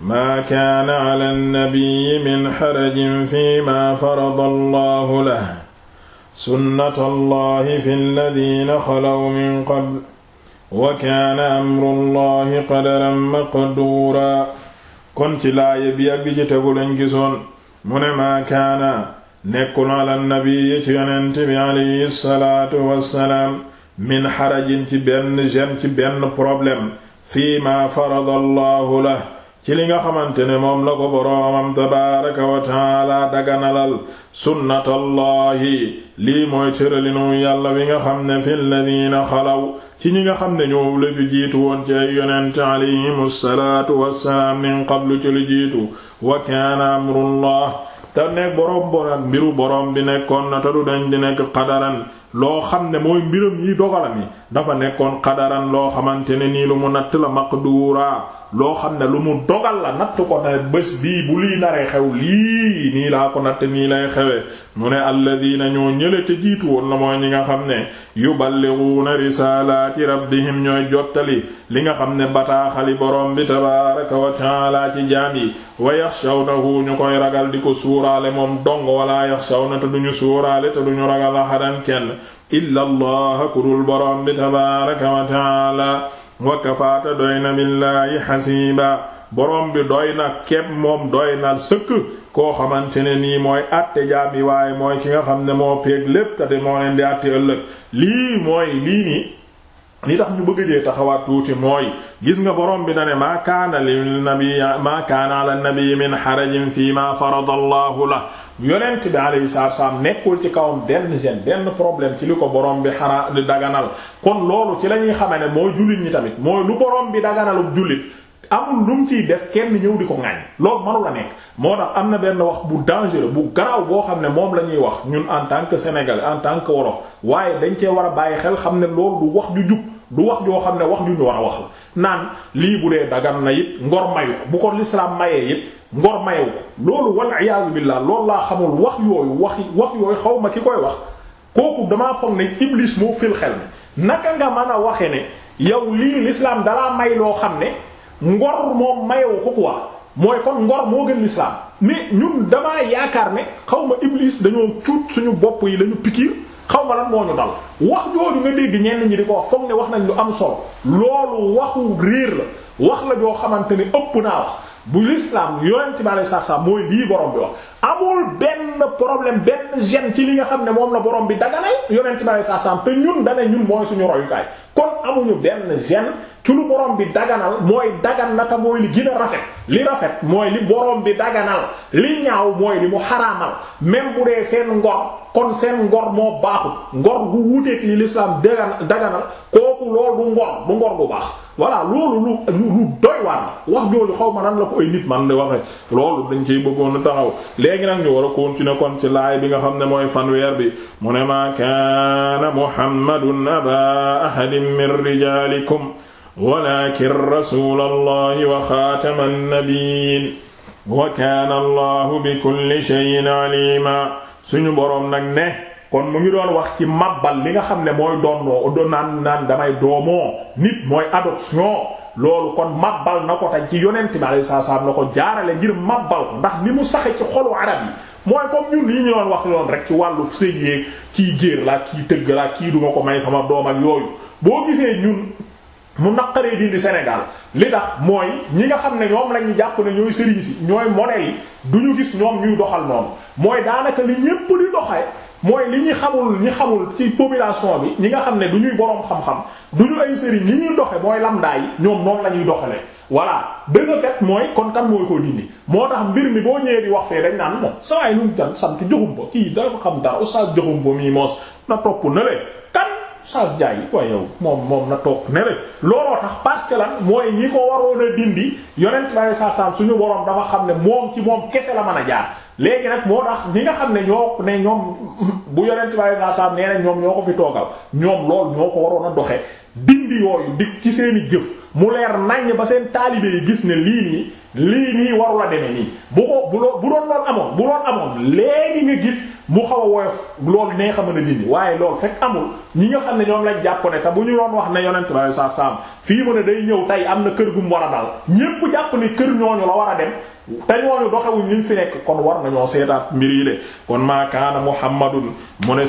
maa kaana ala nnabiyi min xarajin fi ma farada allahu lah sunnata allahi fi alladina xalaw min qabl wa kaana amru llahi qadaran maqduura kon ci laaya bi ak bi ci tegu lañ gisoon mu ne maa kaana nekkul ala nnabiyi ci yonent bi alayhi salaatu wassalaam min xarajin ci benn gene ci benn problème fi ma farada allahu lah ci li nga xamante ne moom la ko boroomam tabaaraka wa taala daganalal sunnatallahi lii mooy tëralinu yàlla bi nga xam ne fi lladiina xalaw ci ñi nga xam ne ñoo jiitu woon ci ay yonent alayhimu salaatu wassalaam min qablu ci lu jiitu wa kaana amrullah te nekk boroom borom mbiru boroom bi nekkoon na te du di nekk qadaran loo xam ne mooy mbiram yi dafa nekkoon xadaran loo xamante ne nii lu mu natt la du maqduura loo xam ne lu mu dogal la natt ko ne bés bii bu lii naree xew lii nii laa ko natt nii lay xewee mu ne alladina ñoo ñële te jiitu woon la mooy ñi nga xam ne yuballighuuna risaalaati rabbihim ñooy jottali li nga xam ne bataaxali borom bi tabaaraka wa jaam yi wa yaxshawnahu ñu koy ragal di ko suuraale moom dong wala yaxshawna te duñu suuraale te duñu ragal ahadan kenn illa allah ku dul boroom bi tabaaraka wa taala wa kafaata doy na billaahi xasiiba boroom bi doy na kepp moom doy na sëkk koo xamante ne nii mooy àtte jaam yi waaye mooy ki nga xam ne moo peeg lépp te de moo leen di àtte ëllëg lii mooy lii nii li tax ñu bëgg jee taxawaat tuuti mooy gis nga borom bi na ne maa kaana lin nabi maa kaana ala nabi min xarajin fi ma farada allahu la yonent bi alayhi salaatu salaam nekkul ci kawam benn gene benn problème ci li ko borom bi xanaa di daganal kon loolu ci la ñuy xamee ne moo jullit ñi tamit mooy lu borom bi daganalu jullit amul lu mu ciy def kenn ñëw di ko ŋañ loolu manu la nekk moo tax am na benn wax bu dangereux bu garaw boo xam ne moom la ñuy wax ñun en tant que sénégalais en tant que wolof waaye dañ cee war a bàyyi xel xam ne loolu du wax ju jub du wax joo xam ne wax ju ñu war a wax la naan lii bu dee dagan na it ngor mayu bu ko lislaam mayee it ngor mayu ko loolu wal iyaazu billaah loolu laa xamul wax yooyu wax wax yooyu xaw ma ki koy wax kooku damaa foog ne iblis moo fil xel ne naka nga mën a waxe ne yow lii lislaam dalaa may loo xam ne ngor moom mayewu ko quoi mooy kon ngor moo gën lislaam mais ñun damaa yaakaar ne xaw ma iblis dañoo cuut suñu bopp yi lañu pikiir xaw ma lan moo ñu dal wax jooju nga dégg ñenn ñi di ko wax foog ne wax nañ lu am solo loolu waxu riir la wax la joo xamante ni ëpp naa wax bu l'islam yonent bi alayhi salaam mooy lii borom bi wax amul benn problème benn gêne ci li nga xam ne moom la borom bi daganal yonent bi alayhi salaam te ñun dane ñun mooy suñu royukaay kon amuñu benn gêne ci lu borom bi daganal mooy dagan na te mooy li gën a rafet li rafet mooy li borom bi daganal li ñaaw mooy li mu xaraamal même bu dee seen ngor kon seen ngor moo baaxul ngor gu wuuteeg li l'islam daganal kooku loolu du ngor du ngor bu baax. voilà loolu lu doy waar wax jooju xaw ma nan la ko ay nit man di waxee loolu dañ ciy bëggoon a taxaw léegi nag ñu war a continuer kon ci laay bi nga xam ne mooy fanweer bi mu ne maa kaana muhammadun aba ahadin min rijaalikum walaakin rasuulallahi wa xaatama nnabiyiin wa kaana allahu bi kulli shay'in aliima suñu boroom nag ne kon mu ngi doon wax ci màbbal li nga xam ne mooy doonoo do naan naan damay doomoo nit mooy adoption loolu kon màbbal na ko tañ ci yonent bi alayhi salaam la ko jaarale ngir màbbal ko ndax mu saxe ci xolu wax loon rek ci wàllu sëyeeg kii géer laa kii tëgg la kii duma ko may sama doom ak yooyu boo gisee ñun mu naqaree dindi Sénégal li tax mooy ñi nga xam ne ñoom lañu jàpp ne ñooy sëriñ si ñooy modèle yi du ñu gis ñoom ñuy doxal noonu mooy daanaka li ñépp di doxe mooy li ñi xamul ñi xamul ci population bi ñi nga xam ne du ñuy boroom xam-xam du ñu ay sëriñ ñi ñuy doxe mooy lambda yi ñoom noonu la ñuy doxalee voilà de ce fait mooy kon kan mooy ko dindi moo tax mbir mi boo ñëwee di wax fee dañ naan moom saa yi nu mu sant joxum ko kii dafa xam dara oustaz joxum ko mii moos na na Sass Ndiaye quoi yow moom moom na toog ne rek looloo tax parce que lan mooy ñi ko waroon a dindi yonent bi saa saa suñu borom dafa xam ne moom ci moom kese la mën a jaar. léegi nag moo tax ñi nga xam ne ñoo ne ñoom bu yonent bi saa saa nee na ñoom ñoo ko fi toogal ñoom lool ñoo ko waroon a doxe dindi yooyu dik ci seeni jëf. mu leer nàññ ba seen taalibe yi gis ne lii nii lii nii waru la demee nii bu ko bu bu doon lool amoon bu doon amoon léegi nga gis mu xaw a woyof loolu nee nga mën a dindi waaye loolu fekk amul ñi nga xam ne ñoom lañ jàpp ne te bu ñu doon wax ne yonent bi saa saam fii mu ne day ñëw tey am na kër gu mu war a dal ñépp jàpp ne kër ñooñu la war a dem te ñooñu doxewuñ liñ fi nekk kon war nañoo seetaat mbir yi de kon maa kaana Muhammadun mu ne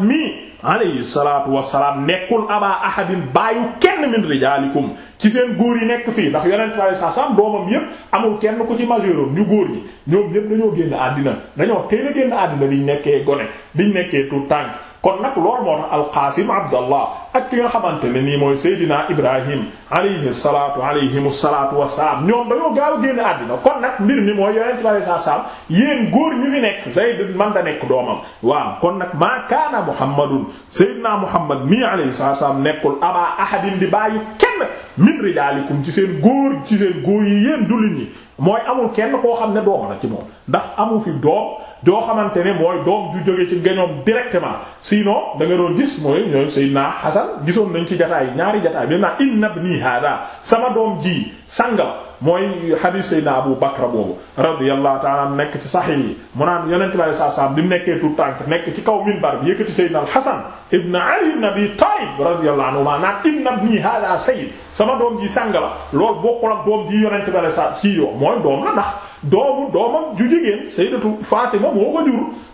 mii. alayhi salaatu wassalaam nekkul aba ahadin baayu kenn min rijaalikum ci seen góor yi nekk fii ndax yonent bi saa sam doomam yépp amul kenn ku ci majeuroon ñu góor ñi ñoom ñépp dañoo génn àddina dañoo teel a génn àddina biñ nekkee gone biñ nekkee tout tànk kon nag loolu moo tax alqaasim abdallah ak ki nga xamante ne nii mooy Seydina Ibrahim alayhi salaatu alayhimu salaatu wassalaam ñoom dañoo gaaw a génn àddina kon nag mbir mi mooy yonent bi alayhi salaatu wassalaam yéen góor ñu fi nekk Zayd man da nekk doomam waaw kon nag maa kaana Muhammadun Seydina Muhammad mii alayhi salaatu wassalaam nekkul abaa ahadin di bàyyi kenn min rijaalikum ci seen góor ci seen góor yi yéen jullit ñi mooy amul kenn koo xam ne doom na ci moom ndax amu fi doom joo xamante ne mooy doom ju jóge ci gañoom directement sinon da nga doon gis mooy ñooy Seydina Hasan gisoon nañ ci jataay ñaari jataay bi naa inna ibni hada sama doom ji sangam mooy hadith Seydina Abu Bakra boobu radiyallahu ta'ala nekk ci saxix yi mu naan yonente bi alayhi bi mu nekkee tout tànk nekk ci kaw minbar bi yëkkati Seydina al-Hasan ibn Ali ibn Abi Talib radiyallahu anhu maa naan inna ibni hada sama doom ji sàng la loolu bokkul ak doom ji yonente bi alayhi salaam mooy doom la ndax doomu doomam ju jigéen Sayyidatu Fatima moo ko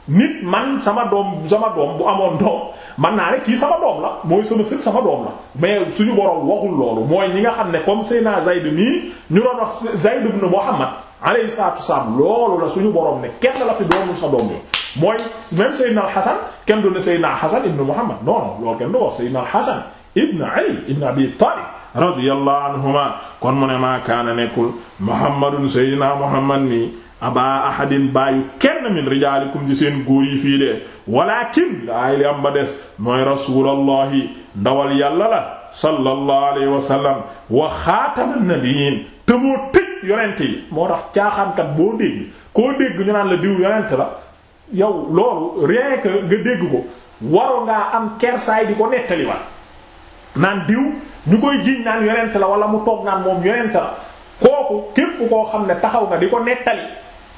nit man sama doom sama doom bu amoon doom man naa ne kii sama doom la mooy sama sama doom la suñu borom waxul loolu mooy ñi nga xam ne comme Seyna Zayd mii ñu doon wax Zayd ibn Muhammad alayhi salaatu loolu la suñu borom ne kenn la fi doomul sa doom la mooy même Seyna al Hasan kenn du ne Seyna Hasan ibn Muhammad non non loolu kenn du wax Seyna al Hasan ibn Ali ibn Abi Talib radiyallahu anhuma kon mu ne maa kaana nekkul Muhammadun Seyna Muhammad nii aba ahadin bàyyu kenn min rijaalikum ci seen góor yi fii de walakin laay li am ba des mooy rasulallahi ndawal yàlla la sallallahu alayhi wa sallam wa xaataman te moo tëj yonent yi moo tax caaxaankat boo dégg koo dégg ñu naan la diw yonent la yow loolu rien nga dégg ko waru ngaa am kersaay di ko nettaliwaat naan diw ñu koy jiiñ naan yonent la wala mu toog naan moom yonent la kooku képp koo xam ne taxaw nga di ko nettali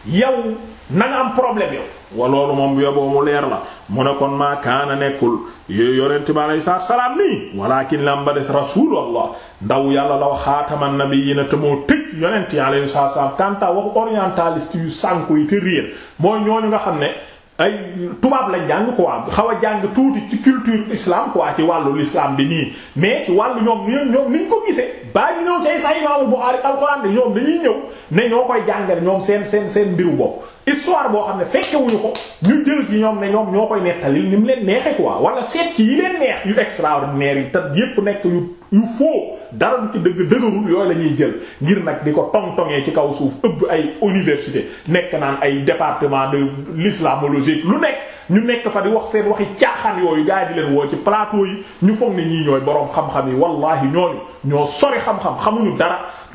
yow na nga am problème yow wa loolu moom yoboo mu leer la mu ne kon maa kaana nekkul yooyu yonent bi aleyhi salaatu salaam nii walaakin lam ba des rasuulullah ndaw yàlla la wax xaataman nabiyyiina te moo tëj yonent yi aleyhi salaatu salaam kanta waxu orientaliste yu sànku yi te réer mooy ñooñu nga xam ne ay tubaab lañ jàng quoi xaw a jàng tuuti ci culture islam quoi ci wàllu l'islam bi nii mais ci wàllu ñoom ñoom ñoom niñ ko gisee baa ñu ñëw cay say Imaam Buxaari alxuraan ñoom dañuy ñëw ne ñoo koy jàngale ñoom seen seen seen mbiru bopp histoire boo xam ne fekkewuñu ko ñu jël ci ñoom ne ñoom ñoo koy nettalil ni mu leen neexe quoi wala seet ci yi leen neex yu extraordinaire yi te yépp nekk yu yu foo dara du ci dëgg dëgërul yooyu la ñuy jël ngir nag di ko tong-tongee ci kaw suuf ëbb ay université nekk naan ay département de l'islamologie lu nekk ñu nekk fa di wax seen waxi caaxaan yooyu gaa yi di leen woo ci plateau yi ñu foog ne ñii ñooy boroom xam-xam yi wallahi ñoo sori xam-xam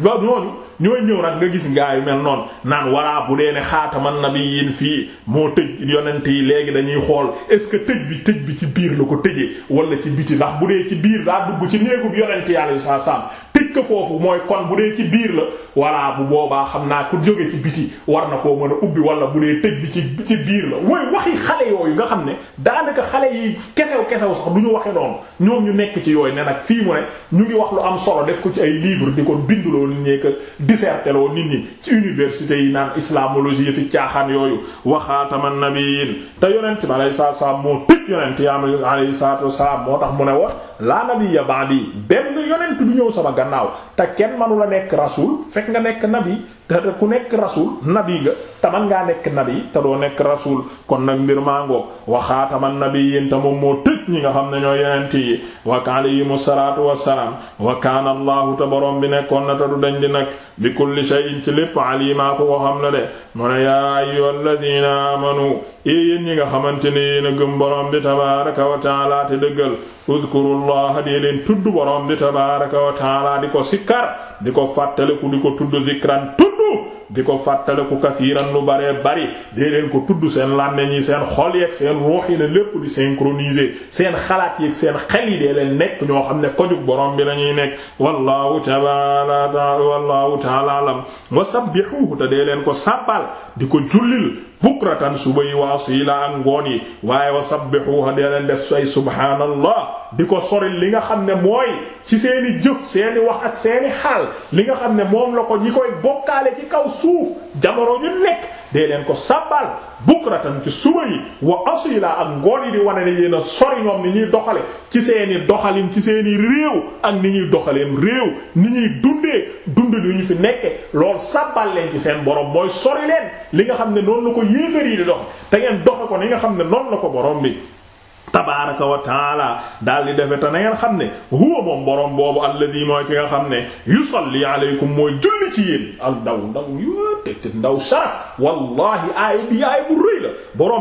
waaw noonu ñooy ñëw nag nga gis ngaa yu mel noonu naan walla bu dee ne xaataman nabiyyin fii moo tëj yonent yi léegi dañuy xool est-ce que tëj bi tëj bi ci biir la ko tëjee wala ci biti ndax bu dee ci biir daa dugg ci néegub yonent yàlla yu saa saam tëj ko foofu mooy kon bu dee ci biir la walla bu boobaa xam naa ku jóge ci biti war na koo mën a ubbi wala bu dee tëj bi ci ci biir la mooy waxi xale yooyu nga xam ne daanaka xale yi kesew kesew sax du ñu waxe noonu ñoom ñu nekk ci yooyu ne nag fii mu ne ñu ngi wax lu am solo def ko ci ay livre di ko binduloo nit ñee ko disserteloo nit ñi ci université yi naan islamologie fi caaxaan yooyu waxaataman nabiyin te yonent bi alayhi salaatu wa salaam moo tëj yonent yi alayhi salaatu wa tax mu ne wax laa nabiyya ba'di benn yonent du ñëw sama gannaaw te kenn manu la nekk rasul fekk nga nekk nabi te ku nekk rasul nabi nga te man ngaa nekk nabi te doo nekk rasul kon nag mbir maa ngoog waxaataman nabi yéen te moom moo tëj ñi nga xam ne ñoo yenente yi wa alayhimu salaatu wassalaam wa kaana allahu te borom bi nekkoon na te du dañ di nag bi kulli shay'in ci lépp alimaa ku ko xam la de mu ne yaa ayyuhal ladina amanu yéen ñi nga xamante ne yéen a gëm borom bi tabaraka wa taala te dëggal udkurullaha di leen tudd borom bi tabaraka wa taala ñu di ko fàttaliku kasiiran lu baree bari dee leen ko tudd seen làmmeñ yi seen xol yeeg seen ruux yi na lépp di synchroniser seen xalaat yeeg seen xel yi dee nekk ñoo xam ne kojug borom bi lañuy nekk wallahu taala wallahu taala alam wa sabbihuhu te dee leen ko sàbbal di ko jullil bukratan suba yi wa asila ak ngoon yi waaye wa sabbihuha dee leen def say subhaanallah di ko sori li nga xam ne mooy ci seeni jëf seeni wax ak seeni xaal li nga xam ne moom la ko ñi koy bokkaale ci kaw suuf jamono ñu nekk dee leen ko sabbal bukratan ci suba yi wa asila ak ngoon yi di wane ne yéen a sori ñoom ni ñuy doxale ci seeni doxalin ci seeni réew ak ni ñuy doxaleem réew ni ñuy dundee dund li ñu fi nekke lool sabbal leen ci seen borom mooy sori leen li nga xam ne noonu la ko yéefar yi di dox te ngeen doxe ko ni nga xam ne noonu la ko borom bi tabaaraka wa taala daal di defe te na ngeen xam ne huwa moom borom boobu alladi mooy ki nga xam ne yusalli aleykum mooy julli ci yéen ak ndaw ndaw yooyu te ndaw saraf wallahi aay bi aay bu rëy la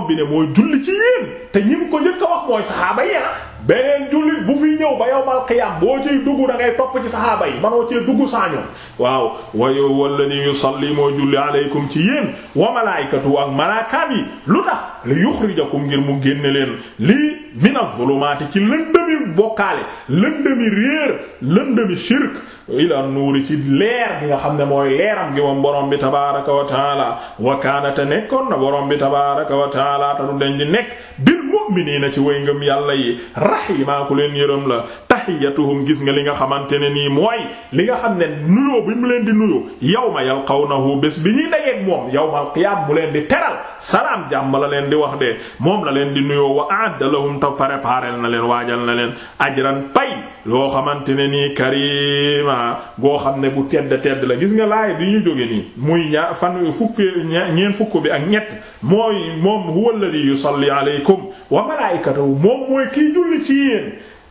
bi ne mooy julli ci yéen te ñim ko njëkk a wax mooy saxaaba yi ah beneen jullit bu fi ñëw ba yowmal qiyaam boo ciy dugg da ngay topp ci saxaaba yi manoo cee dugg saañoon waaw wa wayo walladhi yusalli moo julli aleykum ci yéen wa malaykatu ak malaakaan yi lu tax li yuxrijakum ngir mu génne leen lii mina zulumaati ci lëndëmi bokkaale lëndëmi réer lëndëmi shirk ila nuuri ci leer bi nga xam ne mooy leeram gi moom borom bi tabaaraka wa taala wa kaana te nekkoon na borom bi tabaaraka wa taala te du dañ di nekk bil mu'miniina ci way ngëm yàlla yi rahimaa ku leen yërëm la taxiyatuhum gis nga li nga xamante ne nii mooy li nga xam ne nuyoo bi mu leen di nuyu yawma yalqawnahu bés bi ñuy dajeek moom yawmal qiyaam mu leen di teral salaam jàmm la leen di wax de moom la leen di nuyoo wa a'adda lahum ta préparel na leen waajal na leen ajran pay loo xamante ne nii karima goo xam ne bu tedd tedd la gis nga laay bi ñu jóge nii muy ñaar fan fukk ñeen fukk bi ak ñett mooy moom huwa alladhi yusalli alaykum wa malaa'ikatuhu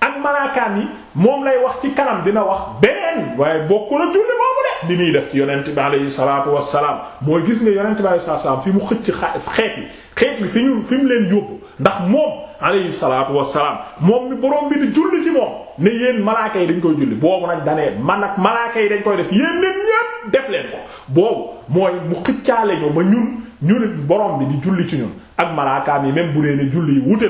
ak malaakaam yi moom lay wax ci kanam dina wax beneen waaye bokkul ak julli moomu de di muy def ci yonent bi alayhi salaatu wassalaam mooy gis ne yonent bi alayhi salaatu wassalaam fi mu xëcc xeet yi xeet yi fi ñu fi mu leen yóbbu ndax moom alayhi salaatu wassalaam moom mi borom bi di julli ci moom ne yéen malaaka yi dañ koy julli boobu nag danee man ak malaaka yi dañ koy def yéen nit ñépp def leen ko boobu mooy mu xëccaale ñu ba ñun ñu nit bi di julli ci ñun ak malaakaam yi même bu dee ne julli yi wute